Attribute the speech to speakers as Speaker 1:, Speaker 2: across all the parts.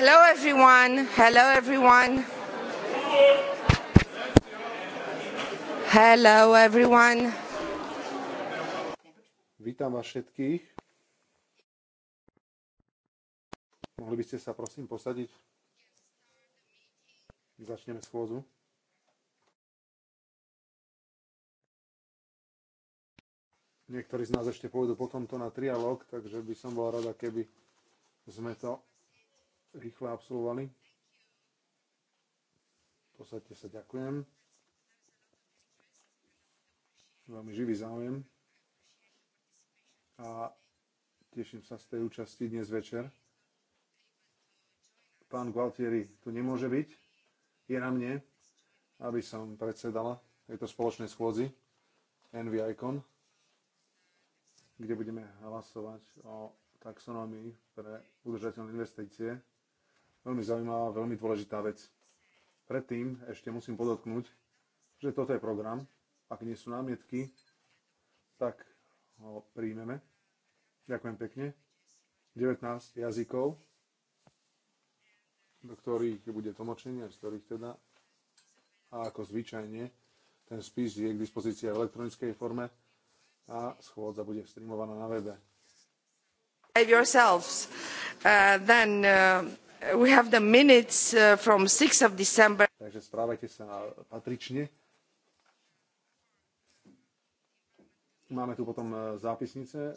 Speaker 1: Hello everyone. Hello everyone. Hello everyone.
Speaker 2: Vítam vás všetkých. Mohli by ste sa prosím posadiť? Začneme schôdzu. Niektorí z nás ešte pôjdu potom to na trialog, takže by som bol rada, keby sme to rýchle absolvovali. V podstate sa ďakujem. Veľmi živý záujem. A teším sa z tej účasti dnes večer. Pán Gualtieri tu nemôže byť. Je na mne, aby som predsedala tejto spoločnej schôdzi NV Icon, kde budeme hlasovať o taxonomii pre udržateľné investície Veľmi zaujímavá, veľmi dôležitá vec. Predtým ešte musím podotknúť, že toto je program. Ak nie sú námietky, tak ho príjmeme. Ďakujem pekne. 19 jazykov, do ktorých bude tlmočenie, z ktorých teda. A ako zvyčajne, ten spis je k dispozícii v elektronickej forme a schôdza bude streamovaná na webe.
Speaker 1: Yourselves, uh, then, uh...
Speaker 2: We have the minutes uh, from 6 of December. Takže správajte sa patrične. Máme tu potom e, zápisnice e,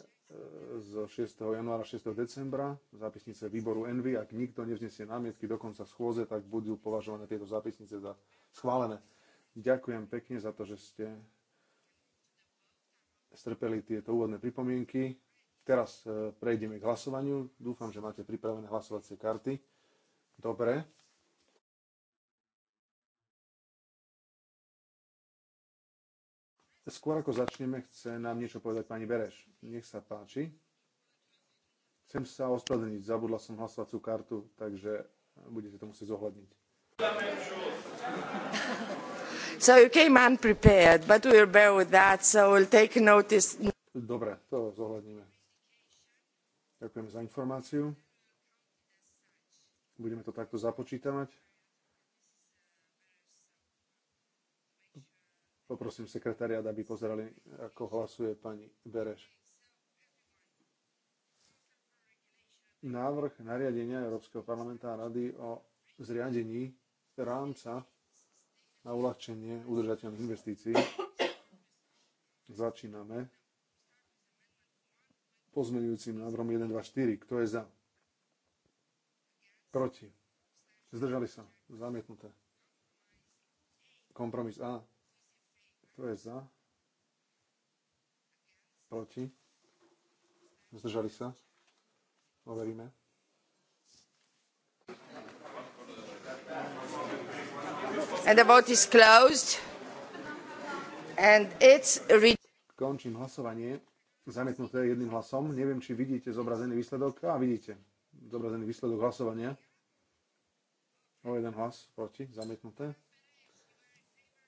Speaker 2: z 6. januára, 6. decembra, zápisnice výboru Envy. Ak nikto nevznesie námietky do konca schôze, tak budú považované tieto zápisnice za schválené. Ďakujem pekne za to, že ste strpeli tieto úvodné pripomienky. Teraz e, prejdeme k hlasovaniu. Dúfam, že máte pripravené hlasovacie karty. Dobre. Skôr ako začneme, chce nám niečo povedať pani Bereš. Nech sa páči. Chcem sa ospravedlniť, zabudla som hlasovacú kartu, takže budete to musieť zohľadniť.
Speaker 1: So you came unprepared, but we'll bear with that, so we'll take notice.
Speaker 2: Dobre, to zohľadníme. Ďakujem za informáciu. Budeme to takto započítavať. Poprosím sekretariat, aby pozerali, ako hlasuje pani Bereš. Návrh nariadenia Európskeho parlamenta a rady o zriadení rámca na uľahčenie udržateľných investícií. Začíname pozmeňujúcim návrhom 1, 2, 4. Kto je za? Proti. Zdržali sa. Zamietnuté. Kompromis A. To je za. Proti. Zdržali sa. Overíme.
Speaker 1: And the vote is closed.
Speaker 2: And it's Končím hlasovanie. Zamietnuté jedným hlasom. Neviem, či vidíte zobrazený výsledok. A vidíte zobrazený výsledok hlasovania. O no, jeden hlas proti, zamietnuté.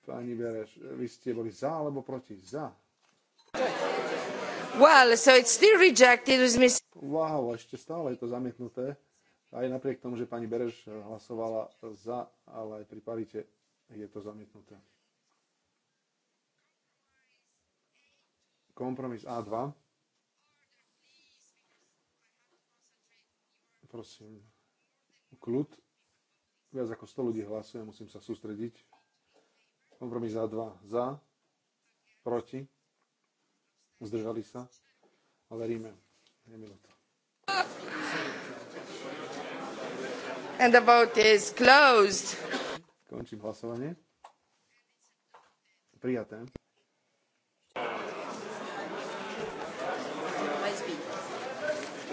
Speaker 2: Pani Bereš, vy ste boli za alebo proti? Za. Well, so it's still rejected with Miss... Wow, ešte stále je to zamietnuté. Aj napriek tomu, že pani Bereš hlasovala za, ale aj pri parite je to zamietnuté. Kompromis A2. Prosím, kľud Viac ako 100 ľudí hlasuje, musím sa sústrediť. Kompromis za dva. za, proti, zdržali sa a veríme. Je minúta.
Speaker 1: And the vote is closed.
Speaker 2: Končím hlasovanie. Prijaté.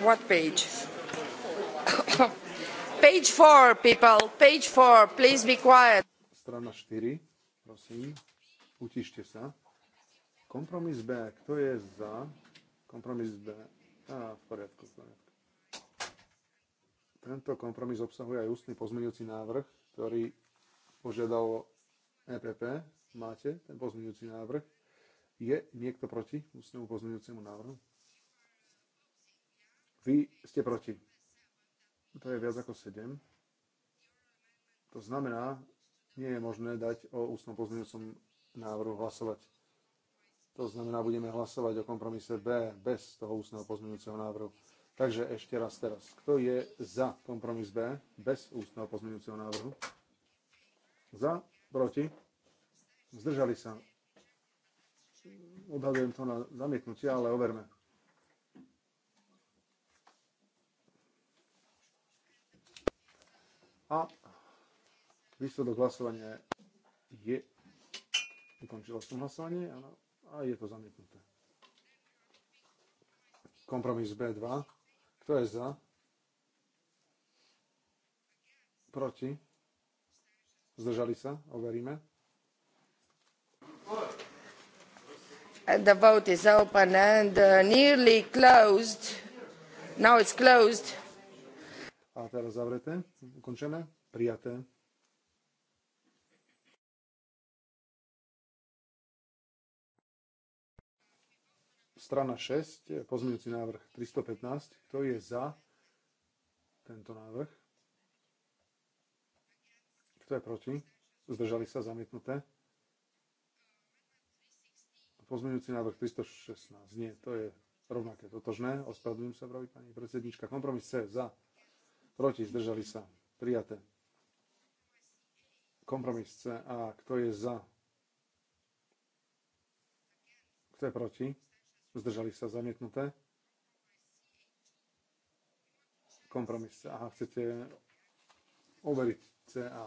Speaker 1: What page? Page 4, people. Page 4, please be quiet.
Speaker 2: Strana 4, prosím, utište sa. Kompromis B, kto je za? Kompromis B. Á, v poriadku, v poriadku. Tento kompromis obsahuje aj ústny pozmeňujúci návrh, ktorý požiadalo EPP. Máte ten pozmeňujúci návrh? Je niekto proti ústnemu pozmeňujúcemu návrhu? Vy ste proti. To je viac ako 7. To znamená, nie je možné dať o ústnom pozmeňujúcom návrhu hlasovať. To znamená, budeme hlasovať o kompromise B bez toho ústneho pozmeňujúceho návrhu. Takže ešte raz teraz. Kto je za kompromis B bez ústneho pozmeňujúceho návrhu? Za? Proti? Zdržali sa. Odhadujem to na zamietnutie, ale overme. A výsledok hlasovania je... Ukončilo som hlasovanie a, a je to zamietnuté. Kompromis B2. Kto je za? Proti? Zdržali sa? Overíme. And
Speaker 1: the vote is open and uh, nearly closed. Now it's closed.
Speaker 2: A teraz zavreté, ukončené, prijaté. Strana 6, pozmeňujúci návrh 315. Kto je za tento návrh? Kto je proti? Zdržali sa zamietnuté? Pozmeňujúci návrh 316. Nie, to je rovnaké, totožné. Ospravedlňujem sa, praví pani predsednička. Kompromis C za proti, zdržali sa, prijaté. Kompromis CA, kto je za, kto je proti, zdržali sa, zamietnuté. Kompromis A. chcete overiť CA.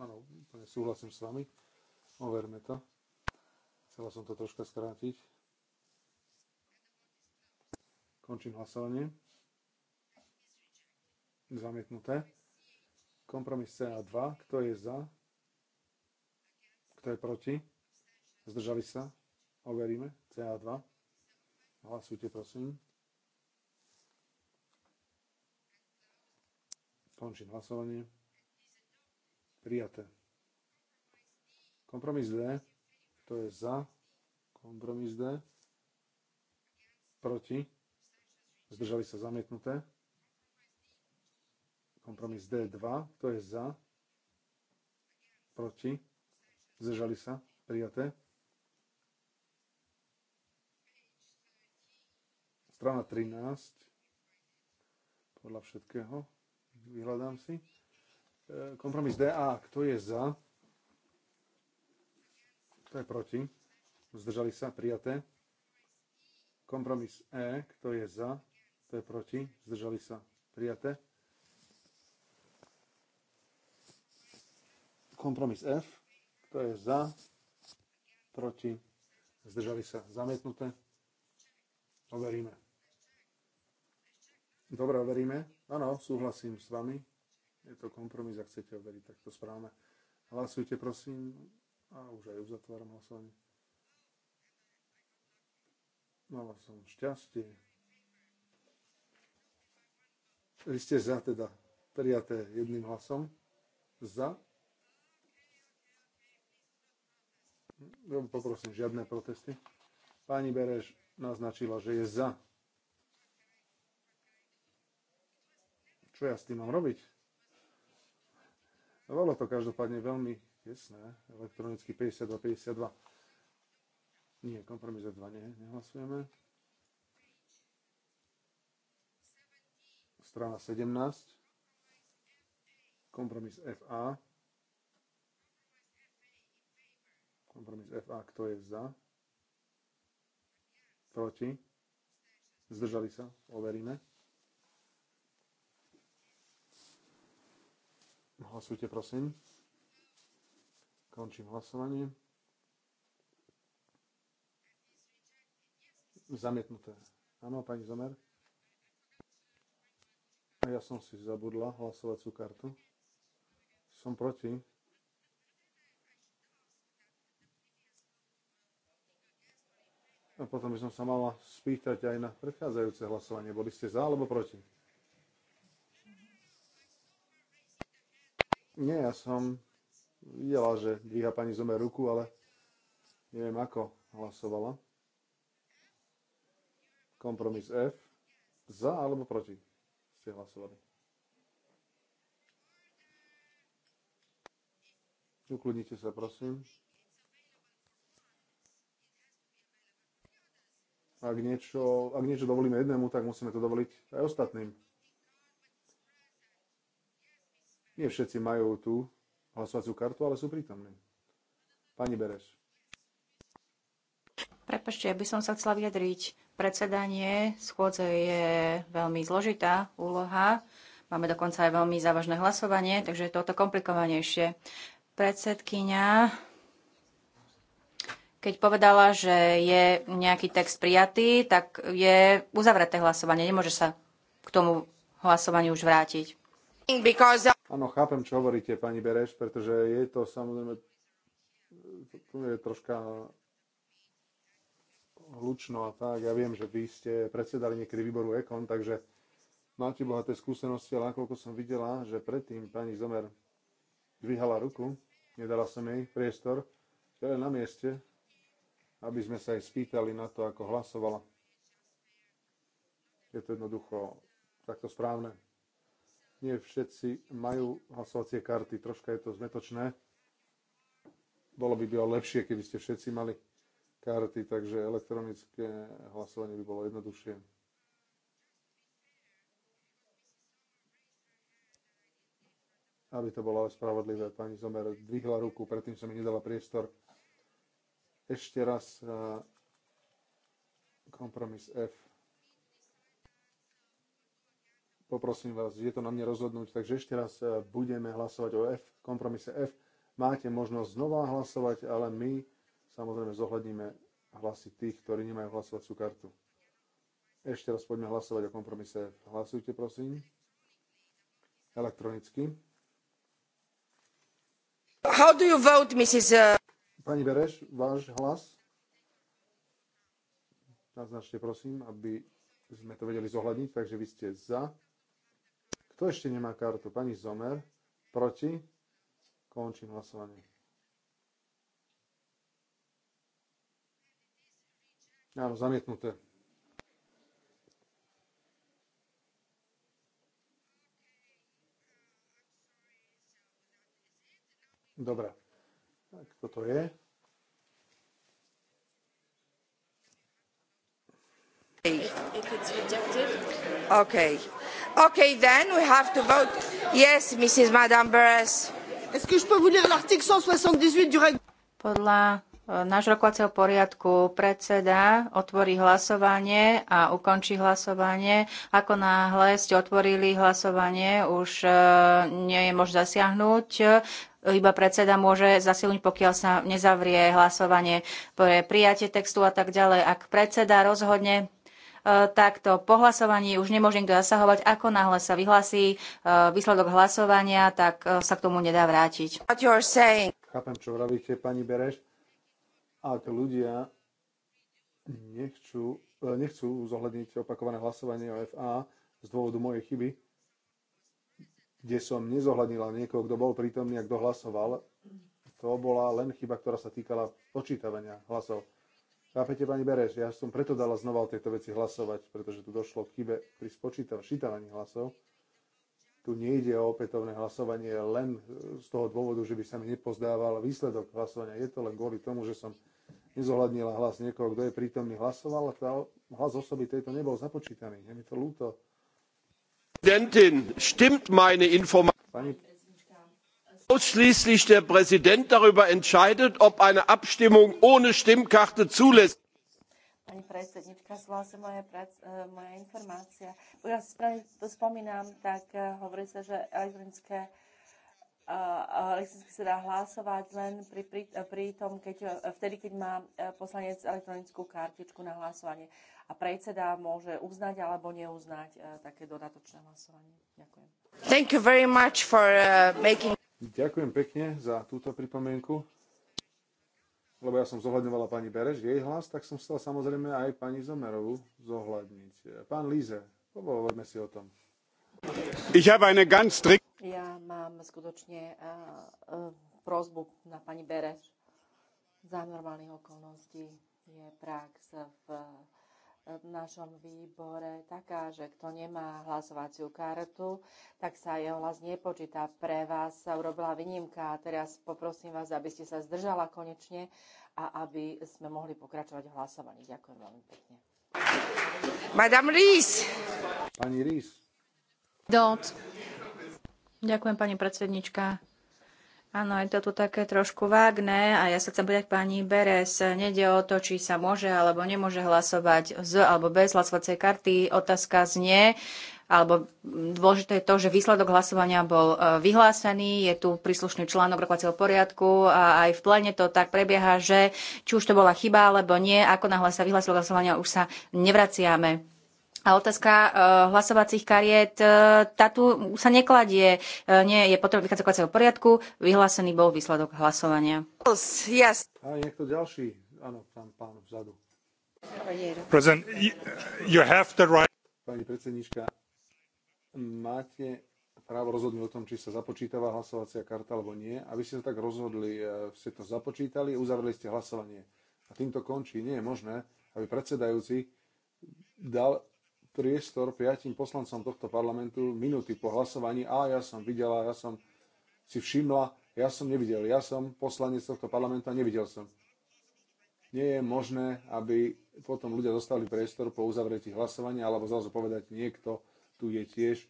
Speaker 2: Áno, úplne súhlasím s vami. Overme to. Chcel som to troška skrátiť. Končím hlasovanie. Zamietnuté. Kompromis CA2. Kto je za? Kto je proti? Zdržali sa? Overíme. CA2. Hlasujte, prosím. Končím hlasovanie. Prijaté. Kompromis D. Kto je za? Kompromis D. Proti? Zdržali sa zamietnuté. Kompromis D2, kto je za? Proti? Zdržali sa? Prijaté. Strana 13. Podľa všetkého. Vyhľadám si. E, kompromis DA, kto je za? Kto je proti? Zdržali sa? Prijaté. Kompromis E, kto je za? Kto je proti? Zdržali sa? Prijaté. Kompromis F, kto je za, proti, zdržali sa zamietnuté. Overíme. Dobre, overíme. Áno, súhlasím s vami. Je to kompromis, ak chcete overiť, tak to správame. Hlasujte, prosím. A už aj uzatváram hlasovanie. Mala som šťastie. Vy ste za teda prijaté jedným hlasom. Za Poprosím, žiadne protesty. Pani Bereš naznačila, že je za. Čo ja s tým mám robiť? No, bolo to každopádne veľmi tesné. Elektronicky 52-52. Nie, kompromis 2 nie, nehlasujeme. Strana 17. Kompromis FA. Kompromis FA, kto je za? Proti? Zdržali sa? Overíme. Hlasujte, prosím. Končím hlasovanie. Zamietnuté. Áno, pani Zomer. A ja som si zabudla hlasovacú kartu. Som proti. A potom by som sa mala spýtať aj na predchádzajúce hlasovanie. Boli ste za alebo proti? Nie, ja som videla, že dvíha pani Zomer ruku, ale neviem ako hlasovala. Kompromis F. Za alebo proti ste hlasovali? Ukludnite sa, prosím. Ak niečo, ak niečo dovolíme jednému, tak musíme to dovoliť aj ostatným. Nie všetci majú tú hlasovaciu kartu, ale sú prítomní. Pani Bereš.
Speaker 3: Prepašte, ja by som sa chcela vyjadriť. Predsedanie schôdze je veľmi zložitá úloha. Máme dokonca aj veľmi závažné hlasovanie, takže je toto komplikovanejšie. Predsedkynia keď povedala, že je nejaký text prijatý, tak je uzavreté hlasovanie. Nemôže sa k tomu hlasovaniu už vrátiť.
Speaker 2: Áno, chápem, čo hovoríte, pani Bereš, pretože je to samozrejme je troška hlučno a tak. Ja viem, že vy ste predsedali niekedy výboru Ekon, takže máte bohaté skúsenosti, ale akoľko som videla, že predtým pani Zomer dvíhala ruku, nedala som jej priestor, čo je na mieste, aby sme sa aj spýtali na to, ako hlasovala. Je to jednoducho takto správne. Nie všetci majú hlasovacie karty, troška je to zmetočné. Bolo by bylo lepšie, keby ste všetci mali karty, takže elektronické hlasovanie by bolo jednoduchšie. Aby to bolo spravodlivé, pani Zomer dvihla ruku, predtým som mi nedala priestor. Ešte raz eh, kompromis F. Poprosím vás, je to na mne rozhodnúť, takže ešte raz eh, budeme hlasovať o F, kompromise F. Máte možnosť znova hlasovať, ale my samozrejme zohľadníme hlasy tých, ktorí nemajú hlasovaciu kartu. Ešte raz poďme hlasovať o kompromise F. Hlasujte, prosím. Elektronicky. How do you vote, Mrs. Uh, Pani Bereš, váš hlas? Naznačte prosím, aby sme to vedeli zohľadniť, takže vy ste za. Kto ešte nemá kartu? Pani Zomer. Proti? Končím hlasovanie. Áno, zamietnuté. Dobre. Tak toto je.
Speaker 1: If Okay. Okay, then we have to vote. Yes, Mrs.
Speaker 3: Madame Beres. Est-ce que je peux vous lire l'article 178 du règlement? Podľa e, nášho rokovacieho poriadku predseda otvorí hlasovanie a ukončí hlasovanie. Ako náhle ste otvorili hlasovanie, už e, nie je možné zasiahnuť iba predseda môže zasilniť, pokiaľ sa nezavrie hlasovanie pre prijatie textu a tak ďalej. Ak predseda rozhodne takto po hlasovaní už nemôže nikto zasahovať. Ako náhle sa vyhlasí e, výsledok hlasovania, tak e, sa k tomu nedá vrátiť. Chápem,
Speaker 2: čo hovoríte, pani Bereš. Ak ľudia nechcú, e, nechcú zohľadniť opakované hlasovanie o FA z dôvodu mojej chyby, kde som nezohľadnila niekoho, kto bol prítomný a kto hlasoval, to bola len chyba, ktorá sa týkala počítavania hlasov. Chápete, pani Bereš, ja som preto dala znova o tejto veci hlasovať, pretože tu došlo k chybe pri spočítaní, šítaní hlasov. Tu nejde o opätovné hlasovanie len z toho dôvodu, že by sa mi nepozdával výsledok hlasovania. Je to len kvôli tomu, že som nezohľadnila hlas niekoho, kto je prítomný hlasoval a hlas osoby tejto nebol započítaný. Je mi to ľúto. Pani ausschließlich der präsident darüber entscheidet ob eine abstimmung ohne stimmkarte zulässig ist.
Speaker 3: Pani elektronicky sa dá hlasovať len pri, pri, e, pri tom, keď, e, vtedy, keď má e, poslanec elektronickú kartičku na hlasovanie. A predseda môže uznať alebo neuznať také dodatočné hlasovanie.
Speaker 2: Ďakujem. Thank you very much for uh, making... Ďakujem pekne za túto pripomienku, lebo ja som zohľadňovala pani Bereš, jej hlas, tak som chcel samozrejme aj pani Zomerovu zohľadniť. Pán Líze, pohovorme si o tom. Ich habe eine ganz ja
Speaker 3: mám skutočne uh, uh, prozbu na pani Bereš. Za normálnych okolností je prax v uh, v našom výbore taká, že kto nemá hlasovaciu kartu, tak sa jeho hlas nepočíta. Pre vás sa urobila výnimka a teraz poprosím vás, aby ste sa zdržala konečne a aby sme mohli pokračovať v hlasovaní. Ďakujem veľmi pekne. Madame Ries. Pani Ries. Don't. Ďakujem, pani predsednička. Áno, je to tu také trošku vágne a ja sa chcem povedať pani Beres, nede o to, či sa môže alebo nemôže hlasovať z alebo bez hlasovacej karty. Otázka znie, alebo dôležité je to, že výsledok hlasovania bol e, vyhlásený, je tu príslušný článok rokovacieho poriadku a aj v plene to tak prebieha, že či už to bola chyba alebo nie, ako náhle sa vyhlásilo hlasovania, už sa nevraciame a otázka eh, hlasovacích kariet, eh, tá tu sa nekladie, eh, nie je potrebné vychádzať poriadku, vyhlásený bol výsledok hlasovania.
Speaker 1: Yes. A
Speaker 2: niekto ďalší, áno, tam pán vzadu. President, you have the right... Pani predsednička, máte právo rozhodnúť o tom, či sa započítava hlasovacia karta alebo nie. A vy ste sa tak rozhodli, ste to započítali, uzavreli ste hlasovanie. A týmto končí. Nie je možné, aby predsedajúci dal priestor piatim poslancom tohto parlamentu minúty po hlasovaní. A ja som videla, ja som si všimla, ja som nevidel, ja som poslanec tohto parlamentu a nevidel som. Nie je možné, aby potom ľudia dostali priestor po uzavretí hlasovania alebo zrazu povedať niekto tu je tiež.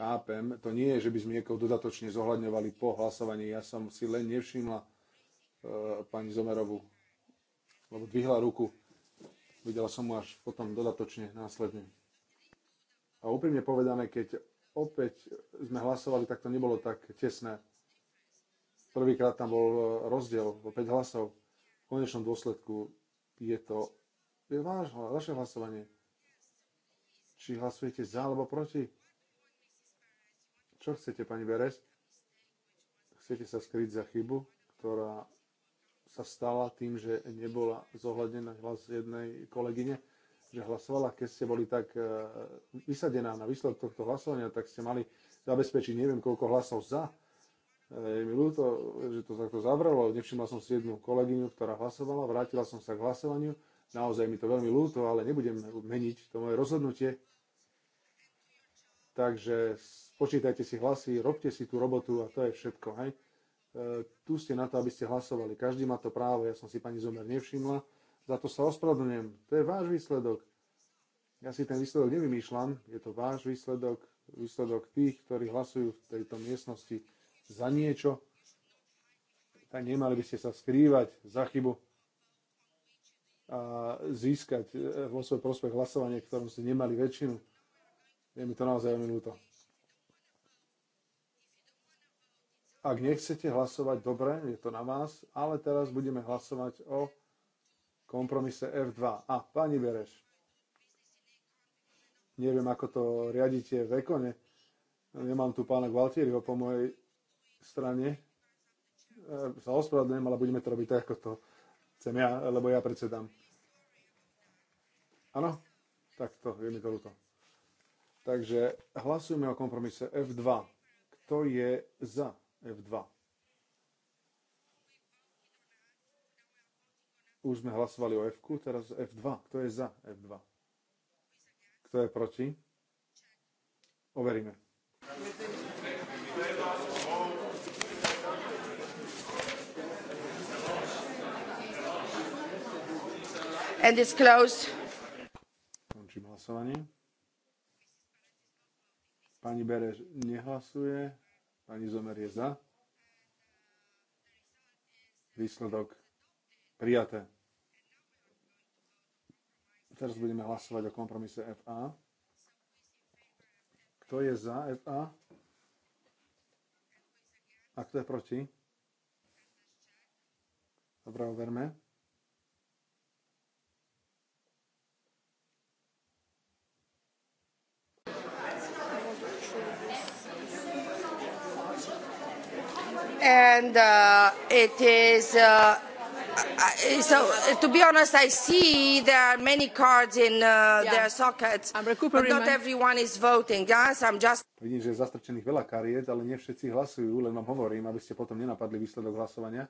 Speaker 2: Chápem, to nie je, že by sme niekoho dodatočne zohľadňovali po hlasovaní. Ja som si len nevšimla e, pani Zomerovu, lebo dvihla ruku. Videla som mu až potom dodatočne následne. A úprimne povedané, keď opäť sme hlasovali, tak to nebolo tak tesné. Prvýkrát tam bol e, rozdiel, bol 5 hlasov. V konečnom dôsledku je to je váš, vaše hlasovanie. Či hlasujete za alebo proti? Čo chcete, pani Beres? Chcete sa skryť za chybu, ktorá sa stala tým, že nebola zohľadená hlas jednej kolegyne? že hlasovala, keď ste boli tak e, vysadená na výsledok tohto hlasovania, tak ste mali zabezpečiť neviem koľko hlasov za. E, je mi ľúto, že to takto zavrelo. Nevšimla som si jednu kolegyňu, ktorá hlasovala, vrátila som sa k hlasovaniu. Naozaj mi to veľmi ľúto, ale nebudem meniť to moje rozhodnutie. Takže počítajte si hlasy, robte si tú robotu a to je všetko. Hej? E, tu ste na to, aby ste hlasovali. Každý má to právo, ja som si pani Zomer nevšimla za to sa ospravedlňujem. To je váš výsledok. Ja si ten výsledok nevymýšľam. Je to váš výsledok, výsledok tých, ktorí hlasujú v tejto miestnosti za niečo. Tak nemali by ste sa skrývať za chybu a získať e, vo svoj prospech hlasovanie, ktorom ste nemali väčšinu. Je mi to naozaj veľmi ľúto. Ak nechcete hlasovať, dobre, je to na vás, ale teraz budeme hlasovať o kompromise F2. A, pani Bereš, neviem, ako to riadite v Ekone, nemám tu pána Gualtieriho po mojej strane, e, sa ospravedlňujem, ale budeme to robiť tak, ako to chcem ja, lebo ja predsedám. Áno? to, je mi to ľúto. Takže hlasujeme o kompromise F2. Kto je za F2? Už sme hlasovali o F, teraz F2. Kto je za F2? Kto je proti? Overíme.
Speaker 1: And it's closed.
Speaker 2: Končím hlasovanie. Pani Bereš nehlasuje. Pani Zomer je za. Výsledok Prijaté. Teraz budeme hlasovať o kompromise FA. Kto je za FA? A kto je proti? Dobre, overme.
Speaker 1: And uh, it is uh, so, uh, to be honest, I see there are many cards in uh, yeah. their sockets, but not everyone is voting. Yes, I'm just...
Speaker 2: Vidím, že je zastrčených veľa kariet, ale nie všetci hlasujú, len vám hovorím, aby ste potom nenapadli výsledok hlasovania.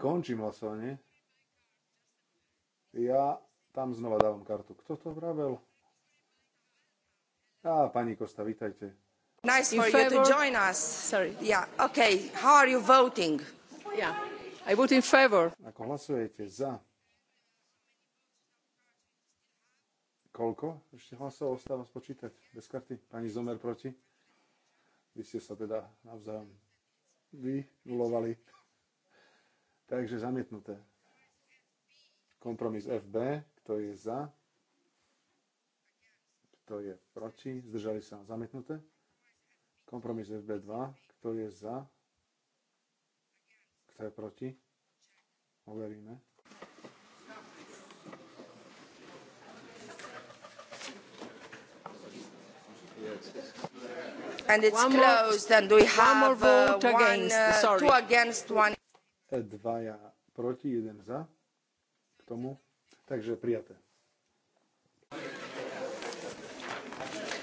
Speaker 2: Končím hlasovanie. Ja tam znova dávam kartu. Kto to vravel? Á, pani Kosta, vítajte.
Speaker 1: Nice for you to join us. Sorry. Yeah, okay. How are you voting? Yeah. I vote
Speaker 2: in favor. Ako hlasujete za, koľko ešte hlasov ostáva spočítať bez karty? Pani Zomer proti? Vy ste sa teda navzájom vynulovali. Takže zamietnuté. Kompromis FB, kto je za, kto je proti, zdržali sa zamietnuté. Kompromis FB2, kto je za, kto je proti? Overíme. And it's one closed and we have one uh, one, against, uh, sorry. two
Speaker 1: against one.
Speaker 2: E, dvaja proti, jeden za. K tomu. Takže prijaté.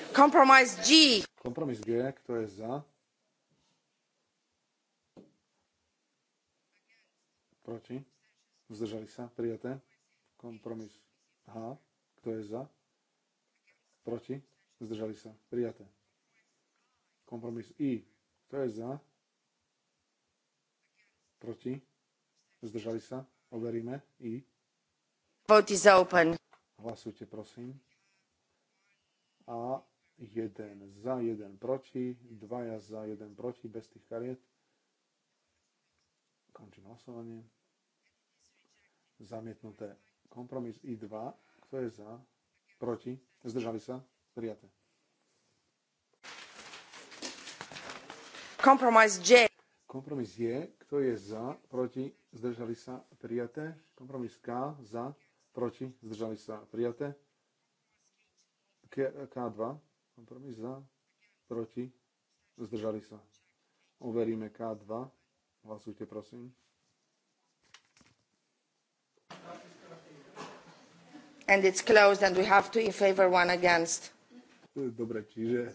Speaker 2: Compromise G. Compromise G, kto je za? proti, zdržali sa, prijaté. Kompromis H, kto je za, proti, zdržali sa, prijaté. Kompromis I, kto je za, proti, zdržali sa, overíme, I. Vote is open. Hlasujte, prosím. A jeden za, jeden proti, dvaja za, jeden proti, bez tých kariet. Končím hlasovanie zamietnuté. Kompromis I2, kto je za, proti, zdržali sa, prijaté. Kompromis J. Kompromis je, kto je za, proti, zdržali sa, prijaté. Kompromis K, za, proti, zdržali sa, prijaté. K, K2, kompromis za, proti, zdržali sa. Overíme K2. Hlasujte, prosím.
Speaker 1: and it's closed and we have two in favor, one against.
Speaker 2: Dobre, čiže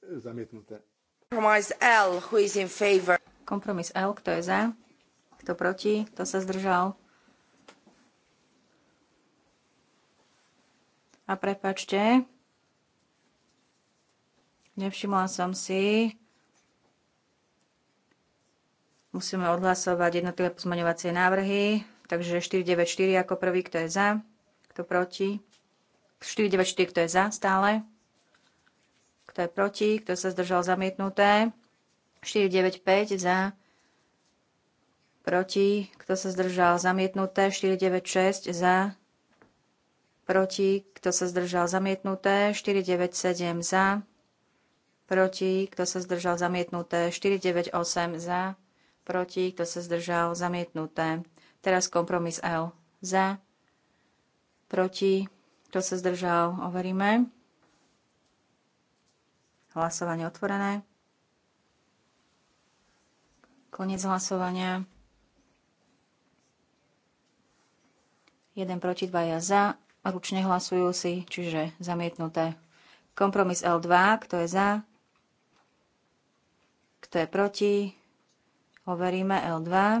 Speaker 2: e, zamietnuté.
Speaker 3: Compromise L, who is in favor. Kompromis L, kto je za, kto proti, kto sa zdržal. A prepačte, nevšimla som si, musíme odhlasovať jednotlivé pozmaňovacie návrhy, takže 494 ako prvý, kto je za, kto proti. 494, kto je za stále. Kto je proti, kto sa zdržal zamietnuté. 495 za, proti, kto sa zdržal zamietnuté. 496 za, proti, kto sa zdržal zamietnuté. 497 za, proti, kto sa zdržal zamietnuté. 498 za, proti, kto sa zdržal zamietnuté. Teraz kompromis L za, proti, kto sa zdržal, overíme. Hlasovanie otvorené. Koniec hlasovania. 1 proti 2 ja za. Ručne hlasujú si, čiže zamietnuté. Kompromis L2, kto je za, kto je proti. Overíme L2.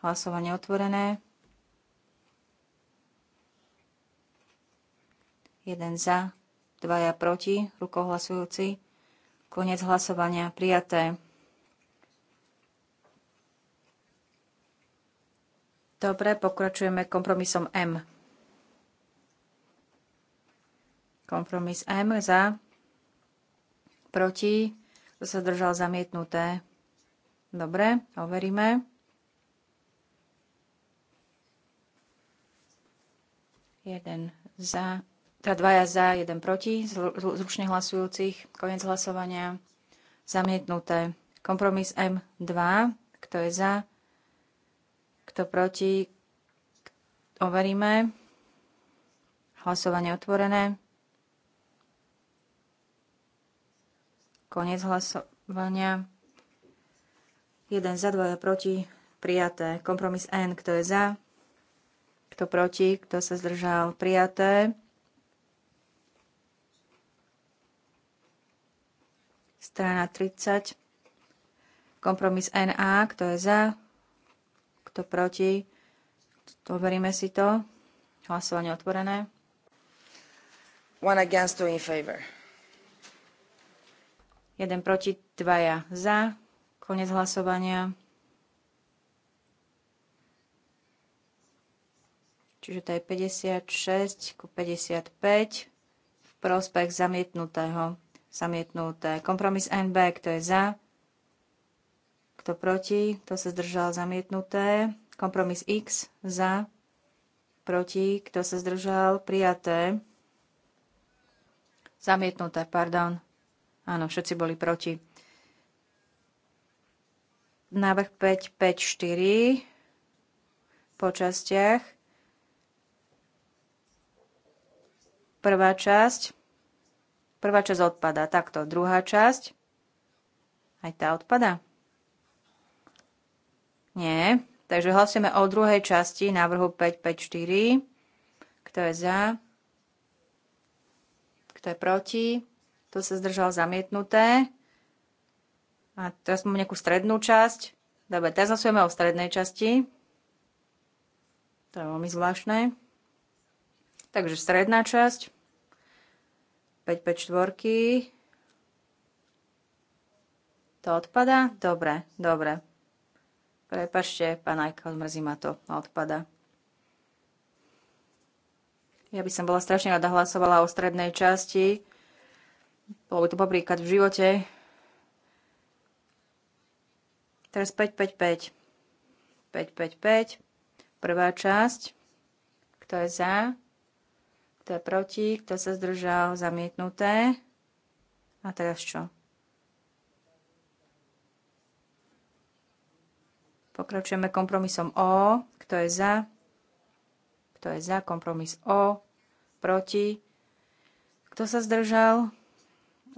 Speaker 3: Hlasovanie otvorené. 1 za, 2 proti, rukou hlasujúci. Konec hlasovania prijaté. Dobre, pokračujeme kompromisom M. Kompromis M za, proti, to sa držal zamietnuté. Dobre, overíme. Jeden za, teda dvaja za, jeden proti, zručne hlasujúcich, koniec hlasovania, zamietnuté. Kompromis M2, kto je za, kto proti, overíme. Hlasovanie otvorené. Koniec hlasovania. Jeden za, dvaja proti, prijaté. Kompromis N, kto je za, kto proti, kto sa zdržal, prijaté. strana 30, kompromis NA, kto je za, kto proti, overíme si to, hlasovanie otvorené. One against, two in favor. Jeden proti, dvaja za, konec hlasovania. Čiže to je 56 ku 55 v prospech zamietnutého zamietnuté. Kompromis NB, kto je za, kto proti, kto sa zdržal, zamietnuté. Kompromis X, za, proti, kto sa zdržal, prijaté. Zamietnuté, pardon. Áno, všetci boli proti. Návrh 5, 5, 4 po častiach. Prvá časť Prvá časť odpada. Takto. Druhá časť. Aj tá odpada? Nie. Takže hlasujeme o druhej časti návrhu 554. Kto je za? Kto je proti? To sa zdržal zamietnuté? A teraz máme nejakú strednú časť. Dobre, teraz hlasujeme o strednej časti. To je veľmi zvláštne. Takže stredná časť. 554. To odpada? Dobre, dobre. Prepašte, pán Ajka, odmrzí ma to. Odpada. Ja by som bola strašne rada hlasovala o strednej časti. Bolo by to popríklad v živote. Teraz 555. 555. Prvá časť. Kto je za? Kto je proti? Kto sa zdržal? Zamietnuté. A teraz čo? Pokračujeme kompromisom O. Kto je za? Kto je za? Kompromis O. Proti. Kto sa zdržal?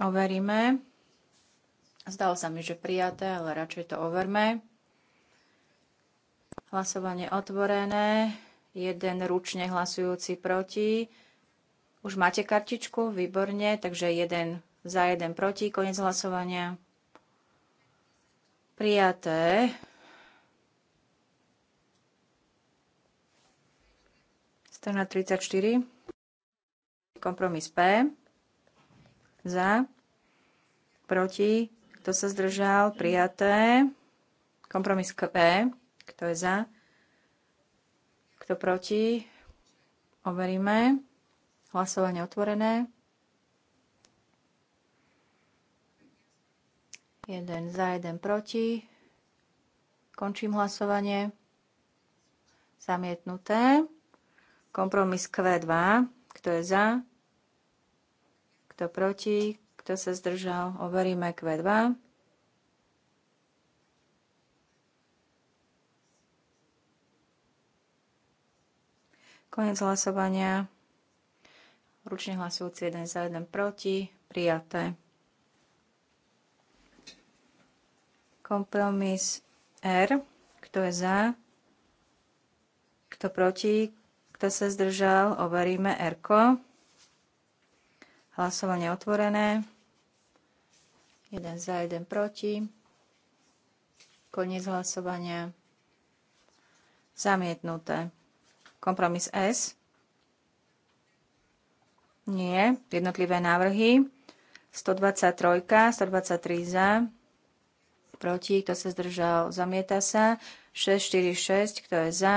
Speaker 3: Overíme. Zdalo sa mi, že prijaté, ale radšej to overme. Hlasovanie otvorené. Jeden ručne hlasujúci proti. Už máte kartičku? Výborne. Takže jeden za, jeden proti. Koniec hlasovania. Prijaté. Strana 34. Kompromis P. Za. Proti. Kto sa zdržal? Prijaté. Kompromis P. Kto je za? Kto proti? Overíme. Hlasovanie otvorené. Jeden za, jeden proti. Končím hlasovanie. Zamietnuté. Kompromis Q2. Kto je za? Kto proti? Kto sa zdržal? Overíme Q2. Konec hlasovania ručne hlasujúci 1 za 1 proti, prijaté. Kompromis R, kto je za, kto proti, kto sa zdržal, overíme R. Hlasovanie otvorené. 1 za, 1 proti. Koniec hlasovania. Zamietnuté. Kompromis S. Nie, jednotlivé návrhy. 123, 123 za, proti, kto sa zdržal, zamieta sa. 646, kto je za,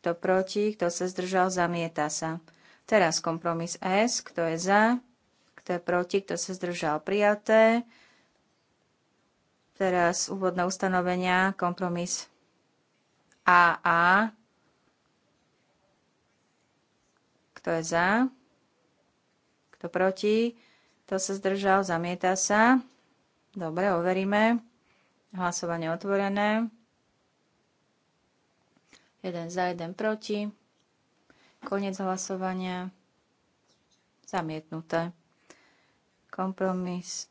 Speaker 3: kto proti, kto sa zdržal, zamieta sa. Teraz kompromis S, kto je za, kto je proti, kto sa zdržal, prijaté. Teraz úvodné ustanovenia, kompromis AA. Kto je za? Kto proti? Kto sa zdržal? Zamieta sa. Dobre, overíme. Hlasovanie otvorené. Jeden za, jeden proti. Koniec hlasovania. Zamietnuté. Kompromis.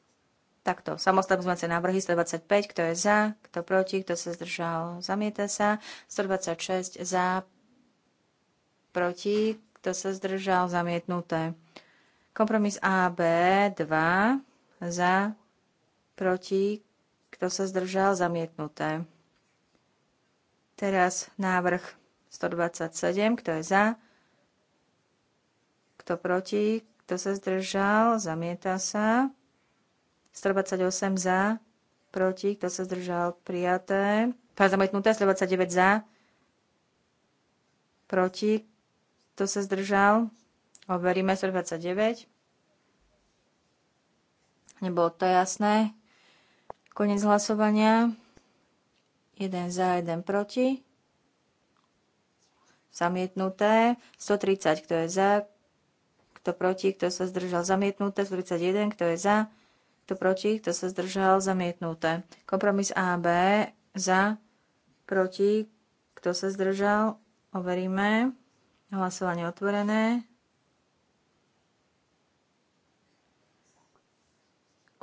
Speaker 3: Takto. Samostatné pozmeňovacie návrhy 125, kto je za, kto proti, kto sa zdržal, zamieta sa. 126 za, proti, kto sa zdržal, zamietnuté. Kompromis AB 2 za, proti, kto sa zdržal, zamietnuté. Teraz návrh 127, kto je za, kto proti, kto sa zdržal, zamieta sa. 128 za, proti, kto sa zdržal, prijaté. Zamietnuté, 129 za, proti, kto sa zdržal, Overíme 129. Nebolo to jasné. Konec hlasovania. 1 za, jeden proti. Zamietnuté. 130, kto je za, kto proti, kto sa zdržal. Zamietnuté. 131, kto je za, kto proti, kto sa zdržal. Zamietnuté. Kompromis AB za, proti, kto sa zdržal. Overíme. Hlasovanie otvorené.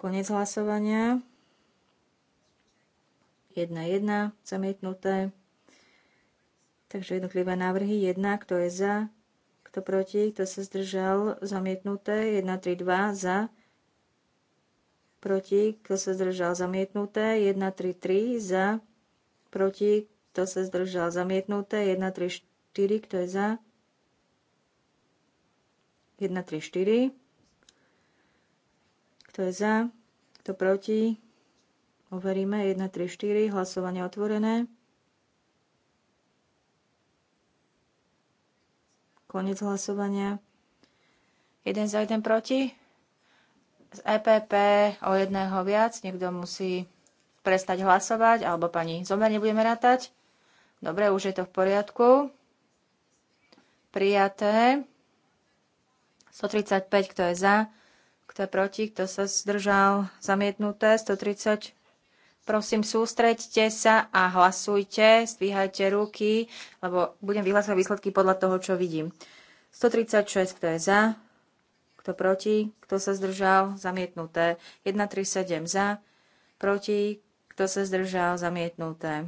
Speaker 3: Konec hlasovania. 1-1 zamietnuté. Takže jednotlivé návrhy 1, kto je za, kto proti, kto sa zdržal, zamietnuté. 1, 3, 2, za, proti, kto sa zdržal, zamietnuté. 1, 3, 3, za, proti, kto sa zdržal, zamietnuté. 1, 3, 4, kto je za, 1, 3, 4 kto je za? Kto proti? Overíme. 1, 3, 4. Hlasovanie otvorené. Konec hlasovania. 1 za 1 proti. Z EPP o jedného viac. Niekto musí prestať hlasovať, alebo pani Zomer nebudeme rátať. Dobre, už je to v poriadku. Prijaté. 135, kto je za, kto je proti? Kto sa zdržal? Zamietnuté. 130. Prosím, sústreďte sa a hlasujte. Zdvíhajte ruky, lebo budem vyhlasovať výsledky podľa toho, čo vidím. 136. Kto je za? Kto proti? Kto sa zdržal? Zamietnuté. 137 za. Proti? Kto sa zdržal? Zamietnuté.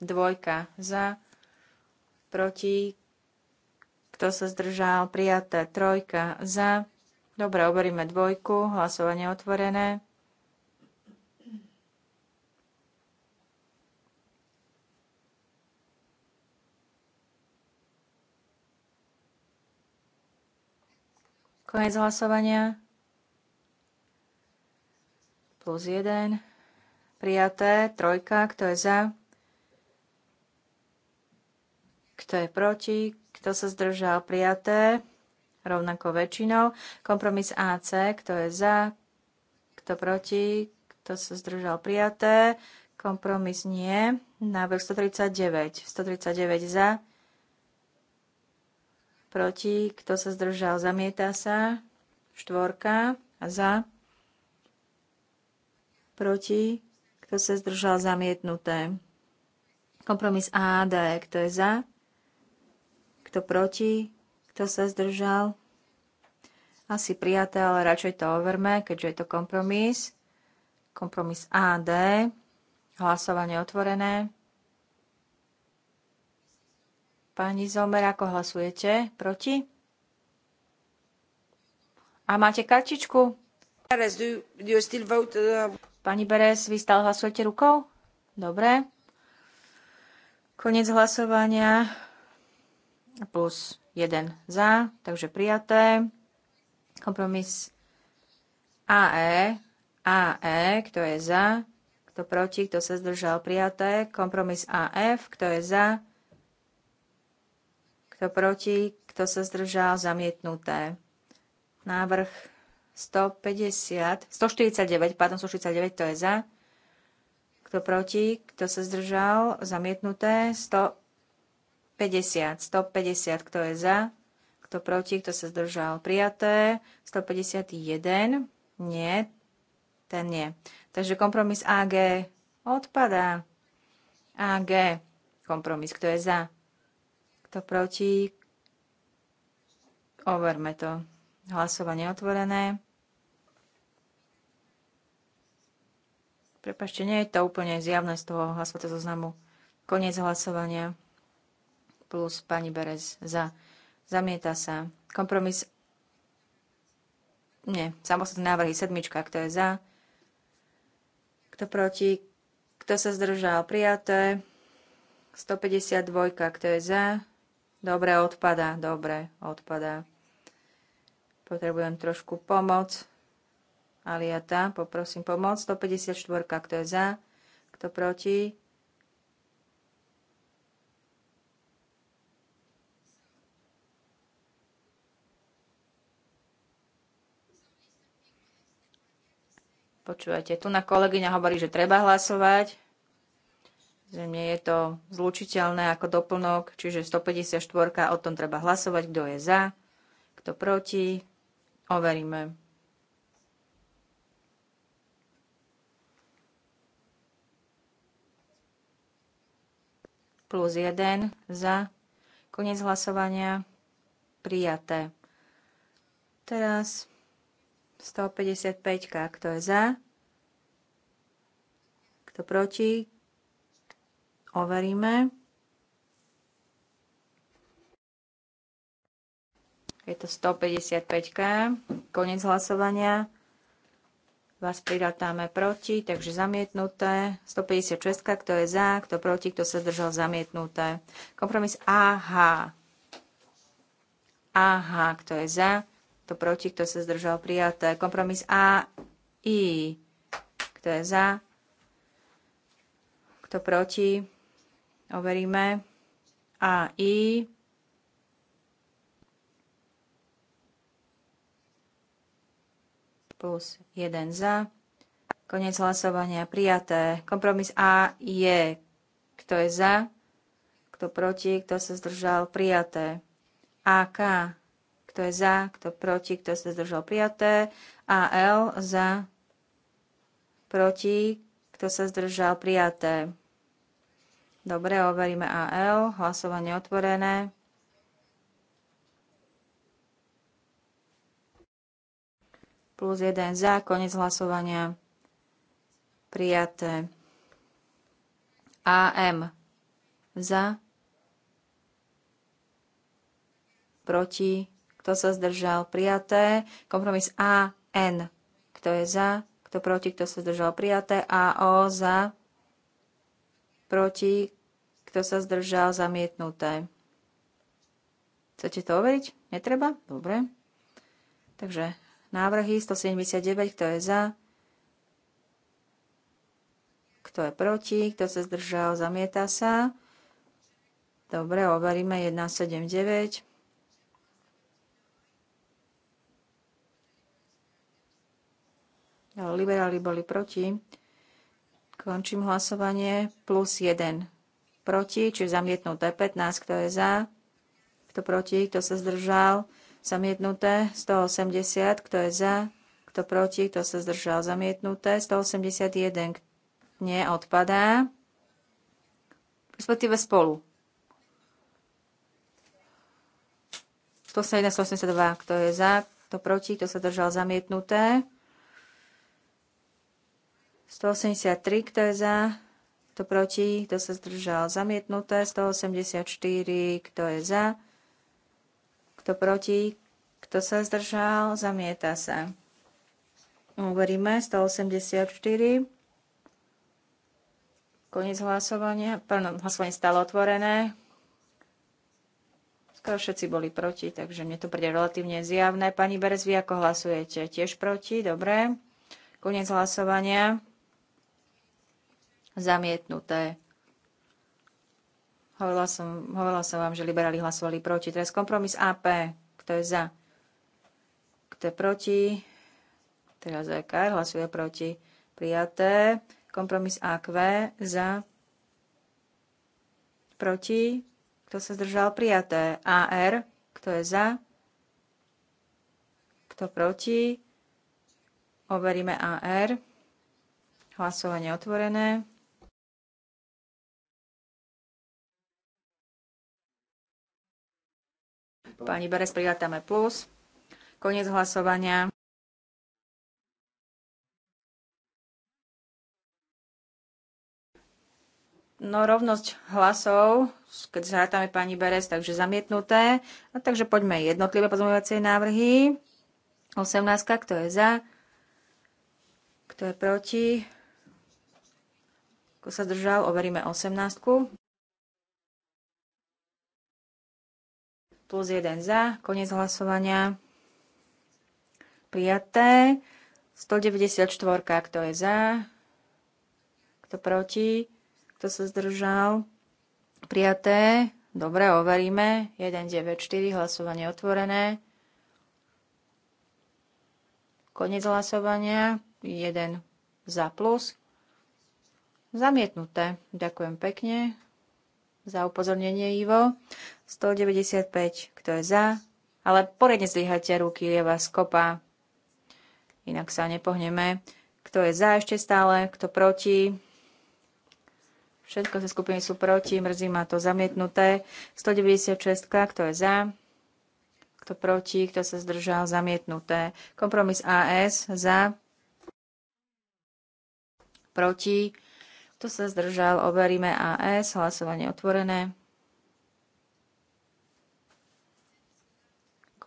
Speaker 3: Dvojka za. Proti? Kto sa zdržal? Prijaté. Trojka za. Dobre, oberíme dvojku. Hlasovanie otvorené. Konec hlasovania. Plus jeden. Prijaté. Trojka. Kto je za? Kto je proti? Kto sa zdržal? Prijaté. Rovnako väčšinou. Kompromis AC. Kto je za? Kto proti? Kto sa zdržal? Prijaté. Kompromis nie. Návrh 139. 139 za. Proti. Kto sa zdržal? Zamieta sa. Štvorka. A za. Proti. Kto sa zdržal? Zamietnuté. Kompromis AD. Kto je za? Kto proti? Kto sa zdržal? Asi prijaté, ale radšej to overme, keďže je to kompromis. Kompromis AD. Hlasovanie otvorené. Pani Zomer, ako hlasujete? Proti? A máte kartičku? Uh, Pani Beres, vy stále hlasujete rukou? Dobre. Konec hlasovania plus 1 za, takže prijaté. Kompromis AE, AE, kto je za, kto proti, kto sa zdržal, prijaté. Kompromis AF, kto je za, kto proti, kto sa zdržal, zamietnuté. Návrh 150, 149, pardon, 149, to je za. Kto proti, kto sa zdržal, zamietnuté. 100, 50, 150, kto je za, kto proti, kto sa zdržal. Prijaté 151, nie, ten nie. Takže kompromis AG odpadá. AG, kompromis, kto je za, kto proti, overme to. Hlasovanie otvorené. Prepašte, nie je to úplne zjavné z toho hlasovacieho zoznamu. Koniec hlasovania plus pani Berez za. Zamieta sa. Kompromis. Nie, samostatné návrhy. Sedmička, kto je za. Kto proti. Kto sa zdržal? Prijaté. 152, kto je za. Dobre, odpada. Dobre, odpada. Potrebujem trošku pomoc. Aliata, poprosím pomoc. 154, kto je za. Kto proti. Počúvate, tu na kolegyňa hovorí, že treba hlasovať, že nie je to zlučiteľné ako doplnok, čiže 154, o tom treba hlasovať, kto je za, kto proti, overíme. Plus 1 za, koniec hlasovania, prijaté. Teraz 155, kto je za, kto proti, overíme. Je to 155 koniec hlasovania. Vás pridatáme proti, takže zamietnuté. 156, kto je za, kto proti, kto sa zdržal, zamietnuté. Kompromis AH. AH, kto je za, kto proti, kto sa zdržal prijaté. Kompromis A, I, kto je za, kto proti, overíme. A, I, plus 1 za. Konec hlasovania prijaté. Kompromis A je, kto je za, kto proti, kto sa zdržal prijaté. AK, kto je za, kto proti, kto sa zdržal prijaté. AL za, proti, kto sa zdržal prijaté. Dobre, overíme AL. Hlasovanie otvorené. Plus 1 za, konec hlasovania. Prijaté. AM za, proti, kto sa zdržal, prijaté. Kompromis A, N, kto je za, kto proti, kto sa zdržal, prijaté. A, O, za, proti, kto sa zdržal, zamietnuté. Chcete to overiť? Netreba? Dobre. Takže návrhy 179, kto je za, kto je proti, kto sa zdržal, zamieta sa. Dobre, overíme 179. Liberáli boli proti. Končím hlasovanie. Plus 1 proti, čiže zamietnuté 15, kto je za, kto proti, kto sa zdržal. Zamietnuté 180, kto je za, kto proti, kto sa zdržal. Zamietnuté 181, neodpadá. Respektíve spolu. 171, 182, kto je za, kto proti, kto sa držal, Zamietnuté. 183, kto je za, kto proti, kto sa zdržal zamietnuté, 184, kto je za, kto proti, kto sa zdržal, zamieta sa. Uveríme 184. Koniec hlasovania. Pardon, hlasovanie stále otvorené. Skoro všetci boli proti, takže mne to príde relatívne zjavné. Pani Berez, vy ako hlasujete? Tiež proti? Dobre. Koniec hlasovania. Zamietnuté. Hovorila som, hovorila som vám, že liberáli hlasovali proti. Teraz kompromis AP. Kto je za? Kto je proti? Teraz e KR hlasuje proti. Prijaté. Kompromis AQ za. Proti. Kto sa zdržal? Prijaté. AR. Kto je za? Kto proti? Overíme AR. Hlasovanie otvorené. Pani Beres, pridatáme plus. Koniec hlasovania. No rovnosť hlasov, keď zrátame pani Beres, takže zamietnuté. A takže poďme jednotlivé pozmeňovacie návrhy. 18, kto je za, kto je proti, kto sa držal, overíme 18. plus 1 za, koniec hlasovania. Prijaté. 194, kto je za, kto proti, kto sa zdržal. Prijaté. Dobre, overíme. 194, hlasovanie otvorené. Koniec hlasovania. 1 za plus. Zamietnuté. Ďakujem pekne za upozornenie, Ivo. 195, kto je za, ale poriadne zdvíhajte ruky, je vás kopa, inak sa nepohneme. Kto je za ešte stále, kto proti, všetko sa skupiny sú proti, mrzí ma to zamietnuté. 196, kto je za, kto proti, kto sa zdržal, zamietnuté. Kompromis AS, za, proti, kto sa zdržal, overíme AS, hlasovanie otvorené.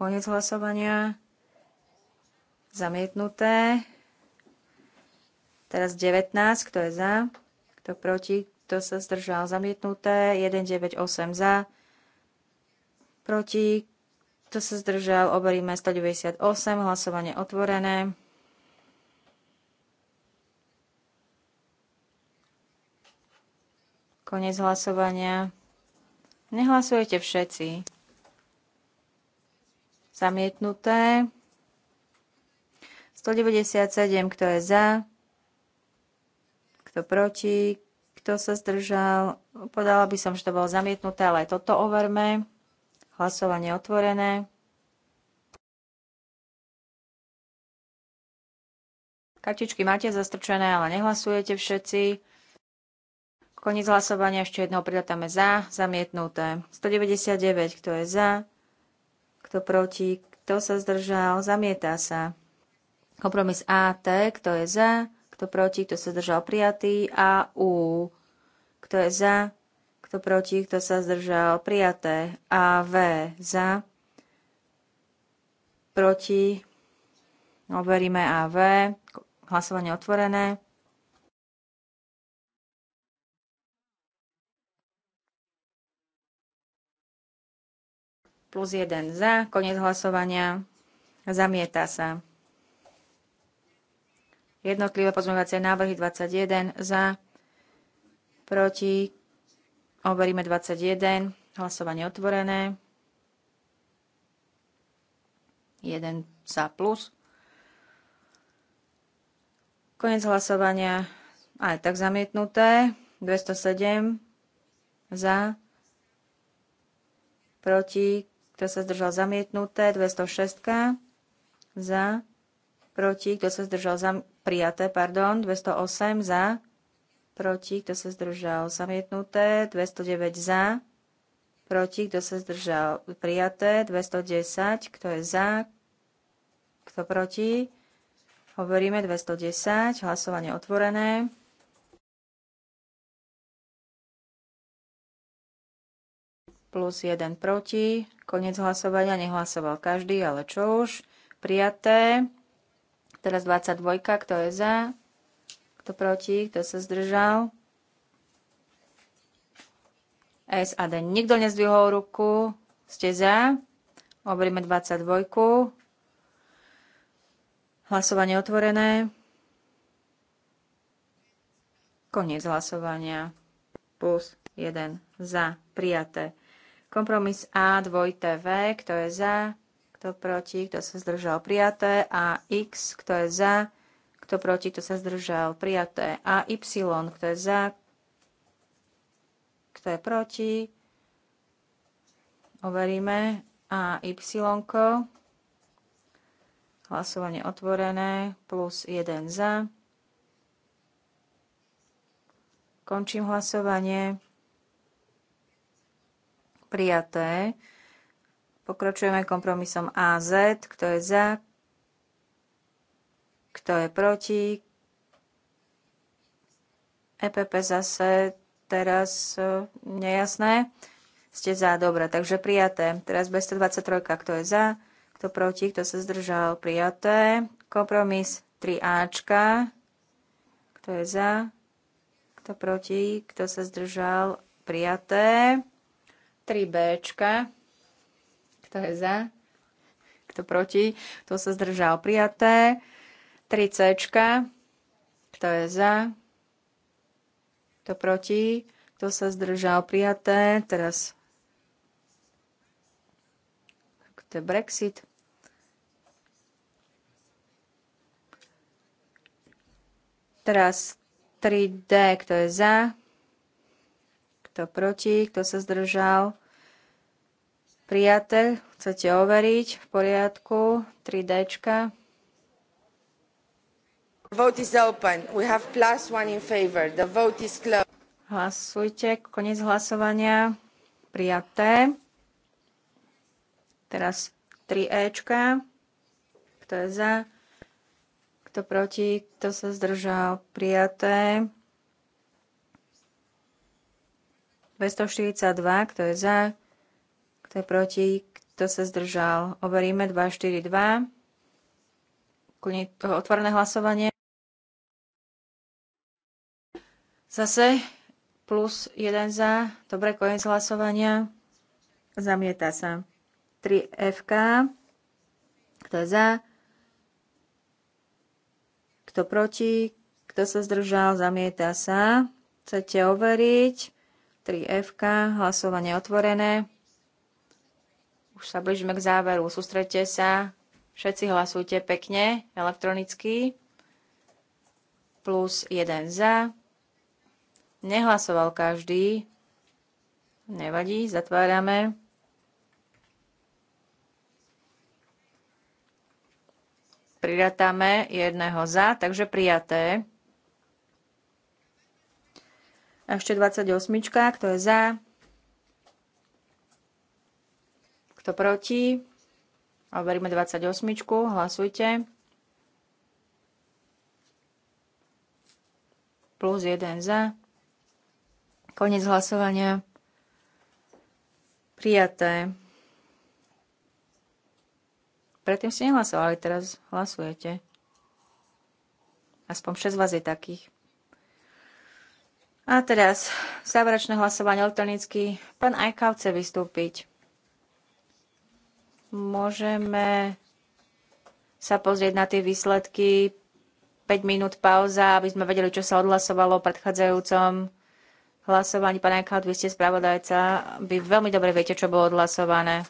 Speaker 3: Koniec hlasovania. Zamietnuté. Teraz 19, kto je za, kto proti, kto sa zdržal. Zamietnuté. 1, 9, 8 za, proti, kto sa zdržal. oberíme 198, hlasovanie otvorené. Koniec hlasovania. Nehlasujete všetci. Zamietnuté. 197, kto je za, kto proti, kto sa zdržal. Podala by som, že to bolo zamietnuté, ale aj toto overme. Hlasovanie otvorené. Kartičky máte zastrčené, ale nehlasujete všetci. Koniec hlasovania ešte jednou pridatáme za, zamietnuté. 199, kto je za, kto proti, kto sa zdržal, zamietá sa. Kompromis AT, kto je za, kto proti, kto sa zdržal, prijatý. A U, kto je za, kto proti, kto sa zdržal, prijaté. A V, za, proti, no, overíme A V. hlasovanie otvorené. plus 1 za, koniec hlasovania, zamieta sa. Jednotlivé pozmeňovacie návrhy 21 za, proti, overíme 21, hlasovanie otvorené, 1 za plus. Koniec hlasovania aj tak zamietnuté. 207 za, proti, kto sa zdržal zamietnuté, 206 za, proti, kto sa zdržal zam, prijaté, pardon, 208 za, proti, kto sa zdržal zamietnuté, 209 za, proti, kto sa zdržal prijaté, 210, kto je za, kto proti, hovoríme 210, hlasovanie otvorené. plus 1 proti. Konec hlasovania, nehlasoval každý, ale čo už. Prijaté. Teraz 22, kto je za, kto proti, kto sa zdržal. S a D. Nikto nezdvihol ruku. Ste za. Obrime 22. Hlasovanie otvorené. Koniec hlasovania. Plus 1 za. Prijaté. Kompromis A, dvojité V, kto je za, kto proti, kto sa zdržal prijaté. A X, kto je za, kto proti, kto sa zdržal prijaté. A Y, kto je za, kto je proti. Overíme. A Y. Hlasovanie otvorené. Plus 1 za. Končím hlasovanie prijaté. Pokračujeme kompromisom AZ, kto je za, kto je proti. EPP zase teraz e, nejasné. Ste za, dobre, takže prijaté. Teraz B123, kto je za, kto proti, kto sa zdržal, prijaté. Kompromis 3Ačka, kto je za, kto proti, kto sa zdržal, prijaté. 3B. Kto je za? Kto proti? Kto sa zdržal? Prijaté. 3C. Kto je za? Kto proti? Kto sa zdržal? Prijaté. Teraz to je Brexit. Teraz 3D, kto je za, kto proti, kto sa zdržal. Prijate, chcete overiť, v poriadku, 3D.
Speaker 1: Vote is open. We have plus one in favor. The vote is closed. Hlasujte, koniec
Speaker 3: hlasovania. Prijaté. Teraz 3E. Kto je za? Kto proti? Kto sa zdržal? Prijaté. 242, kto je za, kto je proti, kto sa zdržal. Overíme 242. Otvorené hlasovanie. Zase plus 1 za. Dobre, koniec hlasovania. Zamieta sa. 3FK. Kto je za? Kto proti? Kto sa zdržal? Zamieta sa. Chcete overiť? 3F, hlasovanie otvorené. Už sa blížime k záveru. sústredte sa. Všetci hlasujte pekne, elektronicky. Plus 1 za. Nehlasoval každý. Nevadí, zatvárame. Pridatáme jedného za, takže prijaté. A ešte 28, kto je za, kto proti. Overíme 28, hlasujte. Plus 1 za. Konec hlasovania. Prijaté. Predtým ste nehlasovali, teraz hlasujete. Aspoň 6 vás je takých. A teraz záverečné hlasovanie elektronicky. Pán Ajka chce vystúpiť. Môžeme sa pozrieť na tie výsledky. 5 minút pauza, aby sme vedeli, čo sa odhlasovalo v predchádzajúcom hlasovaní. Pán Ajka, vy ste spravodajca. Vy veľmi dobre viete, čo bolo odhlasované.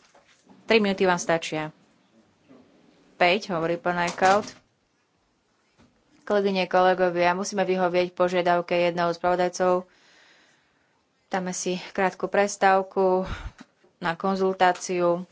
Speaker 3: 3 minúty vám stačia. 5, hovorí pán Ajkaut. Kolegyne, kolegovia, musíme vyhovieť požiadavke jedného z pravodajcov. Dáme si krátku prestávku na konzultáciu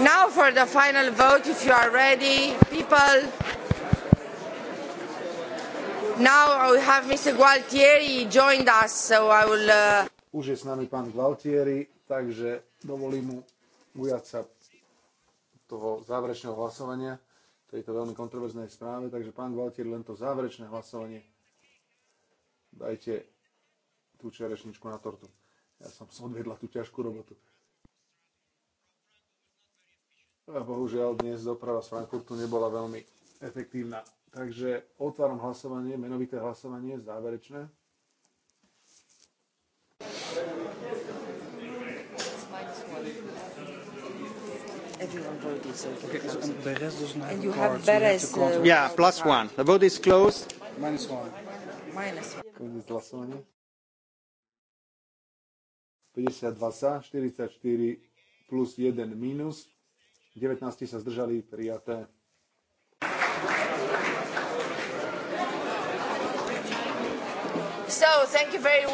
Speaker 3: Now for the final vote,
Speaker 1: if you are ready, people. Now we have Mr. Gualtieri joined us, so I will... Uh...
Speaker 2: Už je s nami pán Gualtieri, takže dovolím mu ujať sa toho záverečného hlasovania tejto veľmi kontroverznej správe. Takže pán Gualtieri, len to záverečné hlasovanie. Dajte tú čerešničku na tortu. Ja som odvedla tú ťažkú robotu. A bohužiaľ dnes doprava z Frankfurtu nebola veľmi efektívna. Takže otváram hlasovanie, menovité hlasovanie, záverečné. Everyone um, and you have Beres. Uh, yeah, plus one. The vote is closed. Minus one. Minus one. 52 sa, 44 plus 1 minus. 19 sa zdržali, prijaté.
Speaker 1: So, thank you very,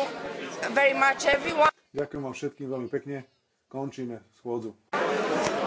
Speaker 1: very much everyone.
Speaker 2: Ďakujem vám všetkým veľmi pekne. Končíme schôdzu.